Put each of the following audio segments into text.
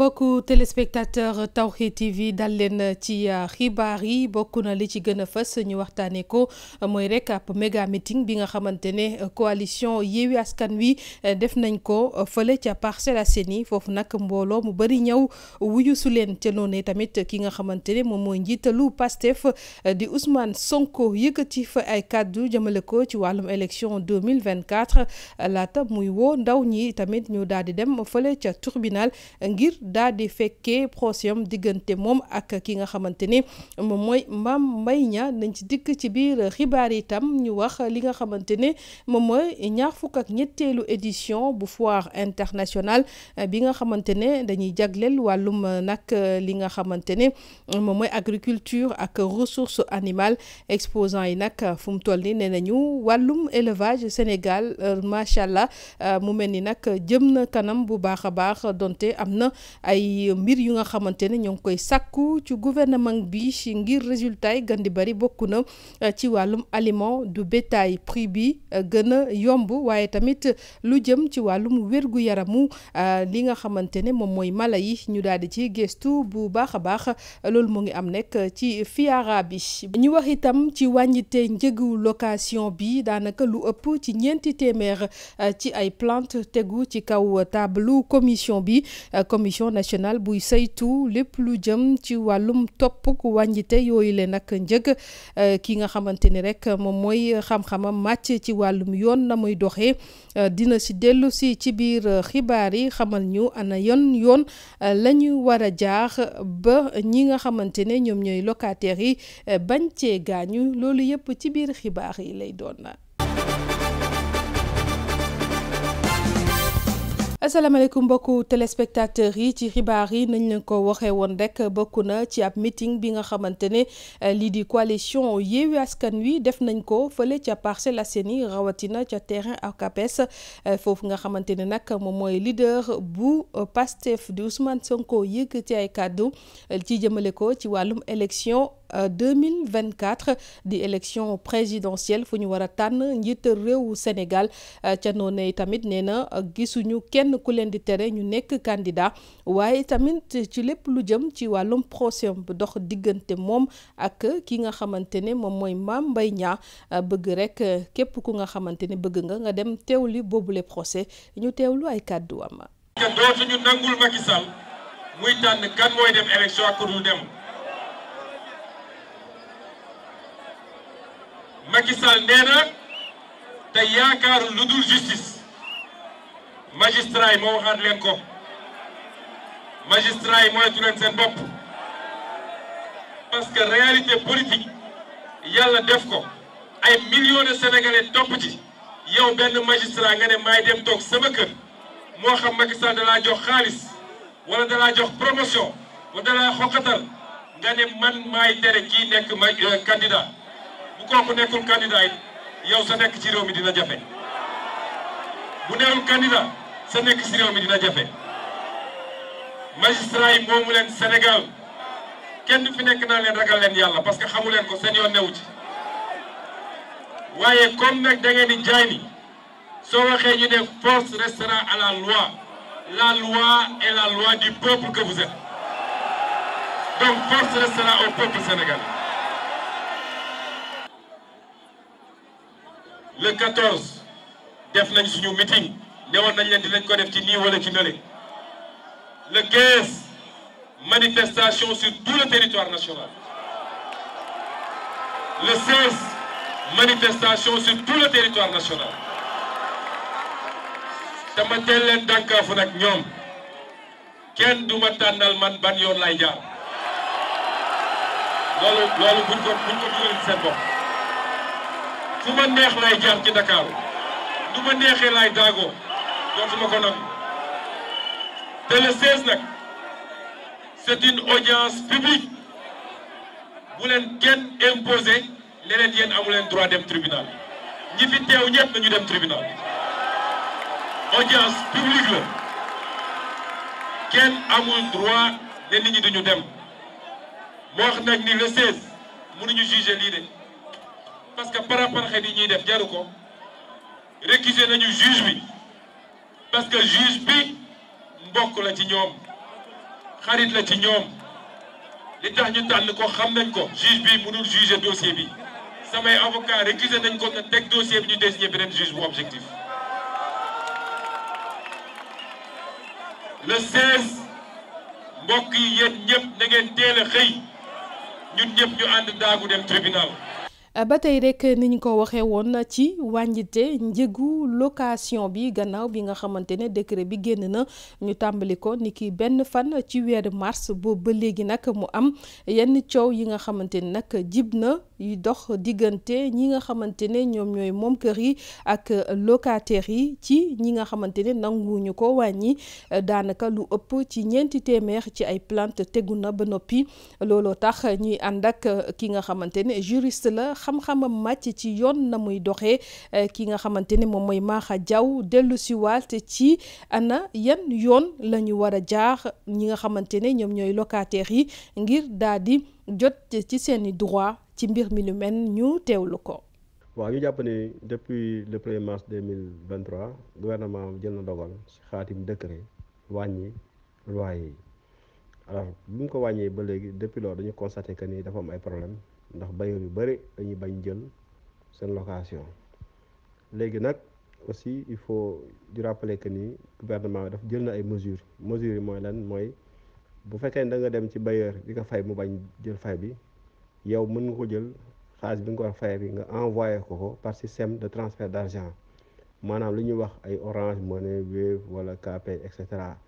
mbokku téléspectateur Tawhid TV dal leen ci euh, xibaar yi bokk na li ci gën a fës ñu waxtaanee ko euh, mooy rek ab méga bi nga xamante ne euh, coalition Yewwi Askan Wi def nañ ko fële ca Parcelles Assainies foofu nag mbooloo mu bëri ñëw wuyu leen ca noonu tamit ki nga xamante ne moom mooy njiitalu Pastef di Ousmane Sonko yëkkati fa ay kàddu jëmale ko ci wàllum élection 2024 laata muy woo ndaw ñi tamit ñu daal di dem fële ca tribunal ngir. daal di fekkee procès diggante moom ak ki nga xamante ni moom mooy Mame Mbaye nañ ci dikk ci biir xibaar itam ñu wax li nga xamante ni moom mooy ñaar fukk ak ñetteelu édition bu foire internationale eh, bi nga xamante ne dañuy jagleel wàllum eh, nag eh, li nga xamante ne moom mooy agriculture ak ressources animale exposants yi nag fu mu toll ni nee nañu wàllum élevage Sénégal macha allah mu mel ni nag jëm na kanam bu baax a baax donte am na ay mbir yu nga xamante ne ñoo ngi koy sàkku ci gouvernement bi ngir résultat yi gën di bari bokk na euh, ci wàllum aliment du bétail prix bi euh, gën a yomb waaye tamit lu jëm ci wàllum wérgu yaramu euh, li nga xamante ne moom mooy mala yi ñu daal di ci gëstu bu baax a baax loolu mu ngi am nekk ci FIARA bi ñu wax itam ci wàññite njëgu location bi daanaka lu ëpp ci ñeenti téeméer ci ay plante tegu ci kaw tableau commission bi commission commission nationale buy saytu lépp lu jëm ci wàllum topp ku wàññite yooyu leen nag njëg euh, ki nga xamante ni rek moom mooy xam-xamam màcc ci wàllum yoon na muy doxee euh, dina si dellu si ci biir euh, xibaar yi xamal ñu ana yoon yoon la ñu war a jaax ba ñi nga xamante ne ñoom ñooy locataires yi bañ cee gaañu loolu yëpp ci biir xibaar yi lay doon asalaamaaleykum mbokku téléspectateurs yi ci xibaar yi nañ leen ko waxee woon rek bokk na ci ab meeting bi nga xamante ne euh, lii di coalition Yewwi Askan Wi def nañ ko fële ca Parcelles seni rawatina ca terrain ak APS euh, foofu nga xamante ne nag moom mooy leader bu euh, Pastef di Ousmane Sonko yëkkati ay kàddu ci jëmale ko ci wàllum élection. 2024 euh, di élection présidentielle fu ñu war a tànn njiital réewu Sénégal euh, ca noonu tamit nee na euh, gisuñu kenn ku leen di tere ñu nekk candidat waaye tamit ci lépp lu jëm ci wàllum procès bu dox diggante moom ak ki nga xamante ne moom mooy Mame Mbaye Niang bëgg rek képp ku nga xamante ne bëgg nga nga dem teewli boobule procès ñu teewlu ay kàddu am. dootuñu nangul Macky Sall muy tànn kan mooy dem élection ak ku dem. Macky Sall nee na te yaakaaru lu dul justice magistrat yi moo waxaat leen ko magistrat yi moytu leen seen bopp parce que réalité yàlla def ko ay millions de sénégalais topp ci yow benn magistrat nga ne maay dem toog sama kër moo xam Macky dalaa jox xaalis wala dalaa jox promotion wala dalaa xoqatal nga ne man maay tere kii nekk ma euh, candidat kooku nekkul candidat yow sa nekk ci réew mi dina jafe bu nekkul candidat sa nekk ci réew mi dina jafe magistrat yi leen Sénégal kenn fi nekk naa leen ragal leen yàlla parce que xamu leen ko seen yoon newu waaye comme nag da ngeen di jaay ni soo waxee ñu ne force restera à la loi la loi est la loi du peuple que donc force restera au peuple sénégalais. le 14 def nañ suñu meeting newoon nañ leen lañ ko def ci nii wala ci nële le 15 manifestation sur tout le territoire national le 16 manifestation sur tout le territoire national dama teel leen dànkaafu nag ñoom kenn du ma tànnal man ban yoon lay jaar loolu loolu buñ ko buñ ko dugal seen bopp fu ma neex lay jaar ci Dakar du ma neexee laay daagoo dootuma ko nangu te le nag c'est une audience publique bu leen kenn imposé ne leen yéen amu leen droit dem tribunal ñi fi teew ñëpp nañu dem tribunal audience publique la kenn amul droit ne nit ñi dañu dem moo wax nag ni le 16 mënuñu juger lii de. parce que paraparaxe yi ñuy def jaru ko récuser nañu juge bi parce que juge bi mbokk la ci ñoom xarit la ci ñoom li tax ñu tànn ko xam nañ ko juge bi mënul juger dossier bi samay avocat récuser nañ ko na teg dossier bi ñu désigner beneen juge bu objectif le 16 mbokk yi yéen ñëpp na ngeen teel a xëy ñun ñëpp ñu ànd daagu dem tribunal Euh, ba tey rek ni ñu ko waxee woon ci wàññite njëgu location bi gannaaw bi nga xamante ne décret bi génn na ñu tàmbali ko ni benn fan ci weeru mars boobu ba léegi nag mu am yenn coow yi nga xamante ne nag jib na yu dox diggante ñi nga xamante ne ñoom ñooy moom kër yi ak locataires yi ci ñi nga xamante ne nanguwuñu ko wàññi euh, daanaka lu ëpp ci ñeenti téeméer ci ay plante tegu na ba noppi looloo tax ñuy ànd ak ki nga xamante ne jurist la. xam-xamam màcc ci yoon na muy doxee eh, ki nga xamante ne moom mooy Maxa Diaw dellu si waat ci ana yan yoon la ñu war a jaar ñi nga xamante ne ñoom ñooy locataires yi ngir daal di jot ci seeni droit ci mbir mi nu mel ñu teewlu ko. waaw ñu jàpp depuis le premier mars deux mille vingt gouvernement jël na dogal si xaatim décret wàññi loyer yi alors bi mu ko wàññee ba léegi depuis loolu dañu constaté que ni dafa am ay problème ndax bailleur yu bëri dañuy bañ jël seen location léegi nag aussi il faut di rappeler que ni gouvernement bi daf jël na ay mesures mesures yi mooy lan mooy bu fekkee ne da nga dem ci bailleur di nga fay mu bañ jël fay bi yow mën nga ko jël xaalis bi nga ko war fay bi nga envoyé ko ko par système de transfert d'argent maanaam lu ñuy wax ay Orange Money Wave wala Kpay et cetera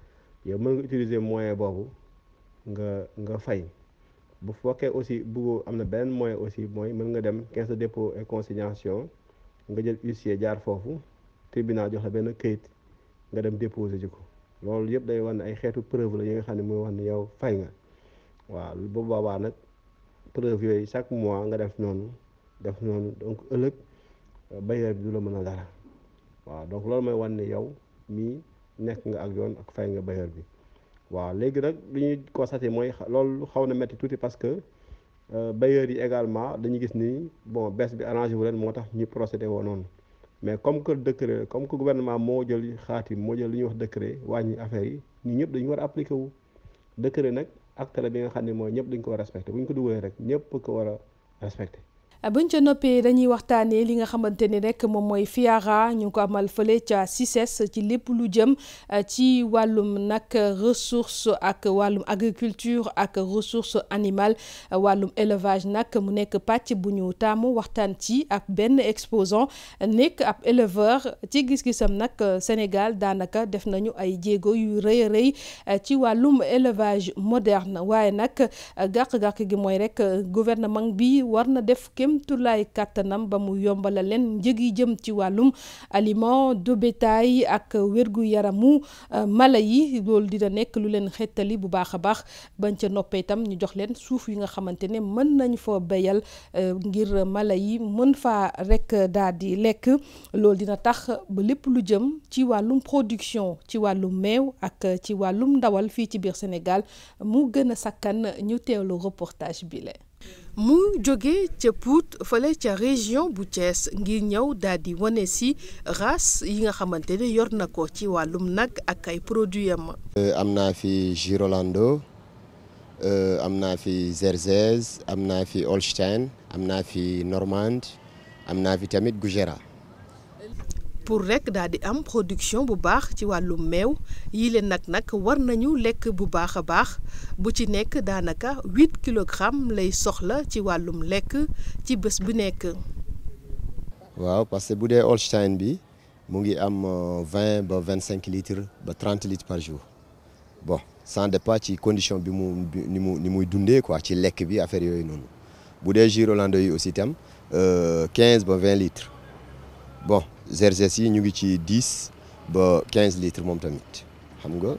yow mën nga utiliser moyen boobu nga nga fay bu fokkee aussi bëggoo am na beneen moyen aussi mooy mën nga dem caisse de dépôt et consignation nga jël huissier jaar foofu tribunal jox la benn kayit nga dem dépose ji ko loolu yëpp day wan ne ay xeetu preuve la yi nga xam ne mooy war ni yow fay nga waaw bu boobaa nag preuve yooyu chaque mois nga def noonu def noonu donc ëllëg euh, bailleur bi du la mën a dara waaw donc loolu mooy wan ne yow mii nekk nga ak yoon ak fay nga bailleur bi waaw léegi nag lu ñuy constaté mooy loolu xaw na métti tuuti parce que euh, bailleurs yi également dañu gis ni bon bes bi arrangé wu leen moo tax ñu procédé woo noonu mais comme que décret comme que guvernement moo jël xaatim moo jël lu ñuy wax décret wàññi affaire yi ñu ñëpp dañu war a appliqué wu décret nag acte la bi nga xam ne mooy ñëpp dañ ko war a respecté bu ñu ko dugalee rek ñëpp ko war a respecté buñ ca noppee dañuy waxtaanee li nga xamante ni rek moom mooy FIARA ñu ko amal fële ca CICES ci lépp lu jëm euh, ci wàllum nag ressource ak wàllum agriculture ak ressource animale euh, wàllum élevage nag mu nekk pàcc bu ñu taamu waxtaan ci ak benn exposant nekk ab éleveur ci gis-gisam nag euh, Sénégal daanaka def nañu ay jéego yu rëy rëy ci wàllum élevage moderne waaye nag gàq-gàq gi mooy rek gouvernement bi war na def kemtulaay kàttanam ba mu yombala leen njëg yi jëm ci wàllum aliment de bétail ak wérgu yaramu euh, mala yi loolu dina nekk lu leen xettali bu baax a baax bañ ca noppee itam ñu jox leen suuf yi nga xamante ne mën nañ fa béyal euh, ngir mala yi mën faa rek daal di lekk loolu dina tax ba lépp lu jëm ci wàllum production ci wàllum meew ak ci wàllum ndawal fii ci biir Sénégal mu gën a sakkan ñu teewlu reportage bi la mu jóge ca Pout fale ca région bu Thiès ngir ñaw daal wane si race yi nga xamante ne yor na ko ci wàllum nag ak ay produit am. Euh, am naa fi Girolando euh, am naa fi Zerzez am naa fi Holstein am naa fi Normande am na fi tamit Gougéra. pour rek daal di am production bu baax ci wàllum meew yi leen nag nag war nañu lekk bu baax a baax bu ci nekk daanaka huit kilogrammes lay soxla ci wàllum lekk ci bés bi nekk. waaw parce que bu dee Holstein bi mu ngi am euh, vingt ba vingt cinq litres ba trente litres par jour bon sans dépend ci condition bi mu ni mu ni muy dundee quoi ci lekk bi affaire yooyu noonu bu dee jus hollandais yi aussi itam euh, quinze ba vingt litres bon. Zerzes yi ñu ngi ci 10 ba 15 litres moom tamit xam nga.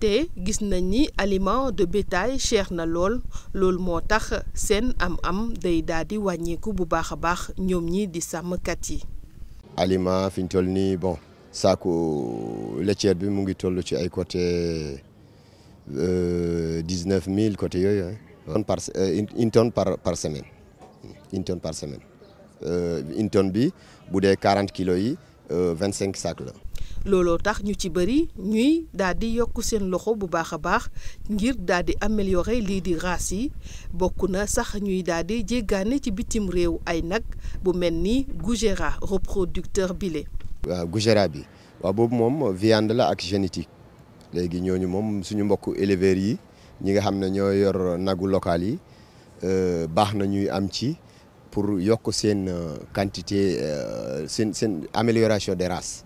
te gis nañ ni aliment de bétail cher na lool loolu moo tax seen am-am day daadi di wàññeeku bu baax a baax ñoom ñi di sàmmkat yi. aliment fi ñu toll nii bon saako laitière bi mu ngi toll ci ay côté euh, dix neuf mille côté yooyu. par euh, une tonne par par semaine une tonne par semaine. Euh, une tonne bi bu dee 40 kilos yi 25 euh, sacs la. looloo tax ñu ci bëri ñuy daal di yokk seen loxo bu baax a baax ngir daal di améliorer lii di race yi bokk na sax ñuy daal di jéggaane ci bitim réew ay nag bu mel ni Gougéra reproducteur bile. waaw Gougéra bi waaw boobu moom viande la ak génétique léegi ñooñu moom suñu mbokku éleveurs yi ñi nga xam ne ñoo yor nagu local yi euh, baax na ñuy am ci. pour yokk seen euh, quantité euh, seen seen amélioration de races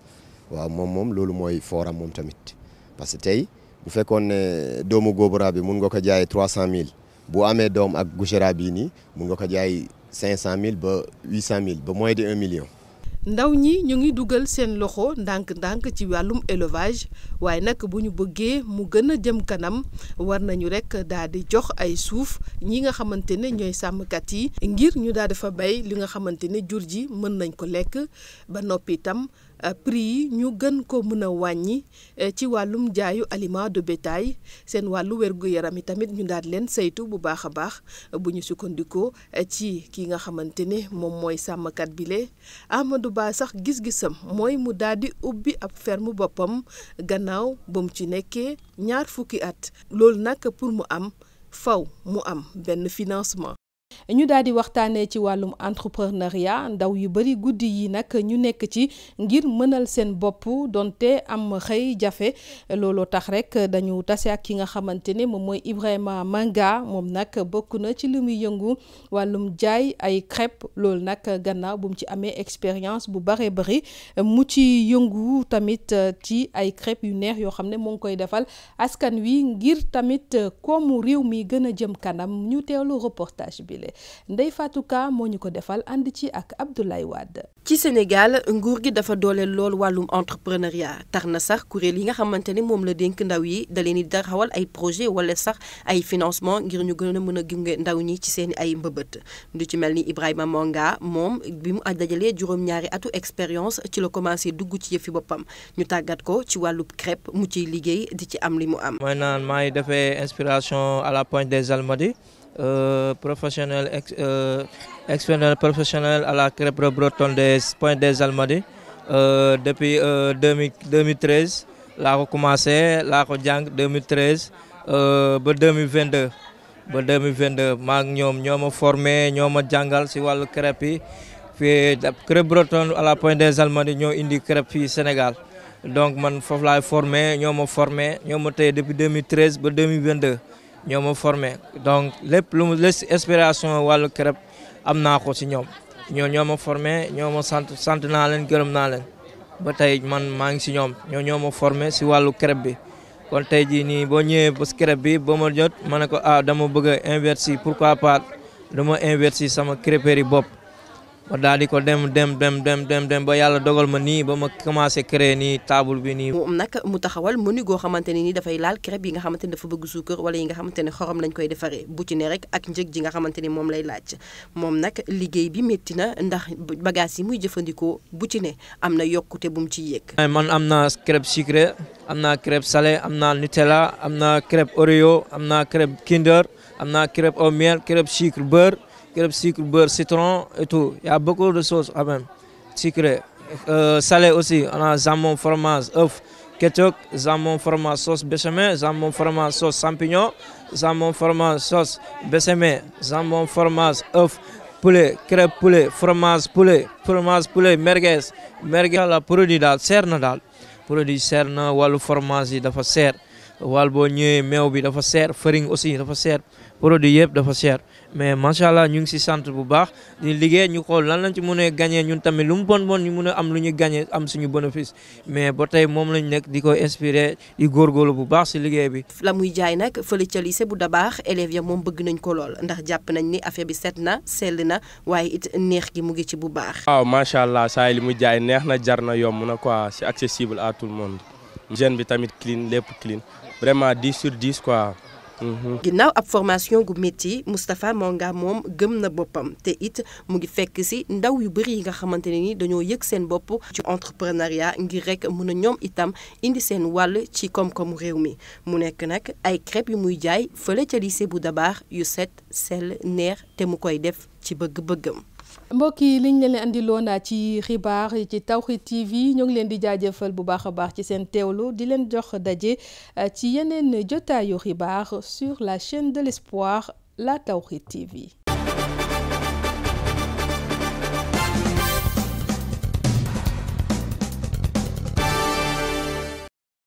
waaw moom moom loolu mooy fooram moom tamit parce que tey bu fekkoon ne doomu góobara bi mun nga ko jaay trois cent mille bu amee doom ak gouchera bii nii mun nga ko jaay cinq cent mille ba huit cent mille ba moins de un million ndaw ñi ñu ngi dugal seen loxo ndànk-ndànk ci wàllum élevage waaye nag bu ñu bëggee mu gën a jëm kanam war nañu rek daal di jox ay suuf ñi nga xamante ne ñooy sàmmkat yi ngir ñu daal di fa bay li nga xamante ne jur ji mën nañ ko lekk ba noppi itam Euh, prix yi ñu gën ko mën a wàññi euh, ci wàllum jaayu aliment de bétail seen wàllu wérgu yaram yi tamit ñu daal leen saytu bu baax a baax euh, bu ñu sukkandikoo ci ki nga xamante ne moom mooy sàmmkat bile Amadou Ba sax gis-gisam mooy mu daal di ubbi ab ferme boppam gannaaw ba mu ci nekkee ñaar fukki at loolu nag pour mu am faw mu am benn financement. ñu daal di waxtaanee ci wàllum entrepreneuriat ndaw yu bëri guddi yi nag ñu nekk ci ngir mënal seen bopp donte am xëy jafe looloo tax rek dañu tase ak ki nga xamante ne moom mooy Ibrahima Manga moom nag bokk na ci li muy yëngu wàllum jaay ay crêpe loolu nag gannaaw bum ci amee expérience bu bare bari mu ci yëngu tamit ci ay crêpe yu neex yoo xam ne moo koy defal askan wi ngir tamit koomu réew mi gën a jëm kanam ñu teelu reportage bi boobule Ndeye moo ñu ko defal ànd ci ak Abdoulaye Wade. ci Sénégal nguur gi dafa dooleel lool wàllum entrepreneuriat tax na sax kuréel yi nga xamante ne moom la dénk ndaw yi da leen di taxawal ay projet wala sax ay financement ngir ñu gën a mën a gunge ndaw ñi ci seen ay mbëbët du ci mel ni Ibrahima Monga moom bi mu dajalee juróom-ñaari atu expérience ci la commencé dugg ci yëfi boppam ñu tàggat ko ci wàllu crêpe mu ciy liggéey di ci am li mu am. mooy naan defee inspiration à la pointe des Almadies Euh, professionnel ex euh, exceptionnel professionnel à la crêpe bretonne des Pointe des Almadies euh, depuis 2013 laa ko commencé laa ko jàng 2013 ba 2022 ba 2022 maa ngi ñoom ñoo ma formé ñoo ma jàngal si wàllu crêpe fii crêpe bretonne à la Pointe des Almadies ñoo indi crêpe fii Sénégal donc man foofu laay formé ñoo ma formé ñoom ma téye depuis 2013 ba deux ñoo ma formé donc lépp lu mu les inspiration wàllu crêpe am naa ko si ñoom ñoo ñoo ma formé ñoo ma sant sant naa leen gërëm naa leen ba tey man maa ngi si ñoom ñoo ñoo ma formé si wàllu crêpe bi kon tey jii nii boo ñëwee ba si crêpe bi ba ma jot ma ne ko ah dama bëgg a investir pourquoi pas dama investir sama crêperie bopp ma daal di ko dem dem dem dem dem dem ba yàlla dogal ma nii ba ma commencé créer nii taabul bi nii. moom nag mu taxawal mënu goo xamante ne ni dafay laal crêpe yi nga xamante ni dafa bëgg suukar wala yi nga xamante ne xorom lañ koy defaree bu ci ne rek ak njëg ji nga xamante ni moom lay laaj moom nag liggéey bi métti na ndax bagage yi muy jëfandikoo bu ci ne am na yokkute bu mu ciy yëg. man am naa crêpe sucré am naa crêpe salé am naa Nutella am naa crêpe Oreo am naa crêpe Kinder am naa crêpe au miel crêpe sucre beurre. crêpes sucre beurre citron et tout il y a beaucoup de euh, aussi on a jambon fromage œuf ketchup jambon fromage sauce béchamel jambon fromage sauce champignon jambon fromage sauce béchamel jambon fromage œuf poulet crêpe poulet fromage poulet la produit daal seer na daal produit seer na wàllu fromage yi dafa seer wàll boo ñëwee meew bi dafa seer farine aussi dafa seer produit yëpp dafa seer mais macha allah ñu ngi si centre bu baax di liggéey ñu xool lan lañ ci mën a gagné ñun tamit lu mu bon bon ñu mën a am lu ñu gagné am suñu bénéfice mais ba tey moom lañ nekk di ko inspiré di góorgóorlu bu baax si liggéey bi. la muy jaay nag fële ca lycée bu Dabaax élèves ya moom bëgg nañ ko lool ndax jàpp nañ ni affaire bi set na sell na waaye it neex gi mu ngi ci bu baax. waaw macha allah saa li mu jaay neex na jar na yomb na ko c'est accessible à tout le monde. jeune bi tamit clean lépp clean vraiment 10 sur 10 quoi. Mm-hmm. ginnaaw ab formation gu métti Moustapha nga moom gëm na boppam te it mu ngi fekk si ndaw yu bëri yi nga xamante ne ni dañoo yëg seen bopp ci entrepreneuriat ngir rek mun a ñoom itam indi seen wàll ci koom-koomu réew mi mu nekk nag ay crêpes yu muy jaay fële ca lycée bu Dabar yu set sell neex te mu koy def ci bëgg-bëggam. mbokk yi liñ leen andi loon ci xibaar ci Tawhid TV ñoo ngi leen di jaajëfal bu baax a baax ci seen teewlu di leen jox daje euh, ci yeneen jotaayu xibaar sur la chaine de l'espoir la Tawhid TV.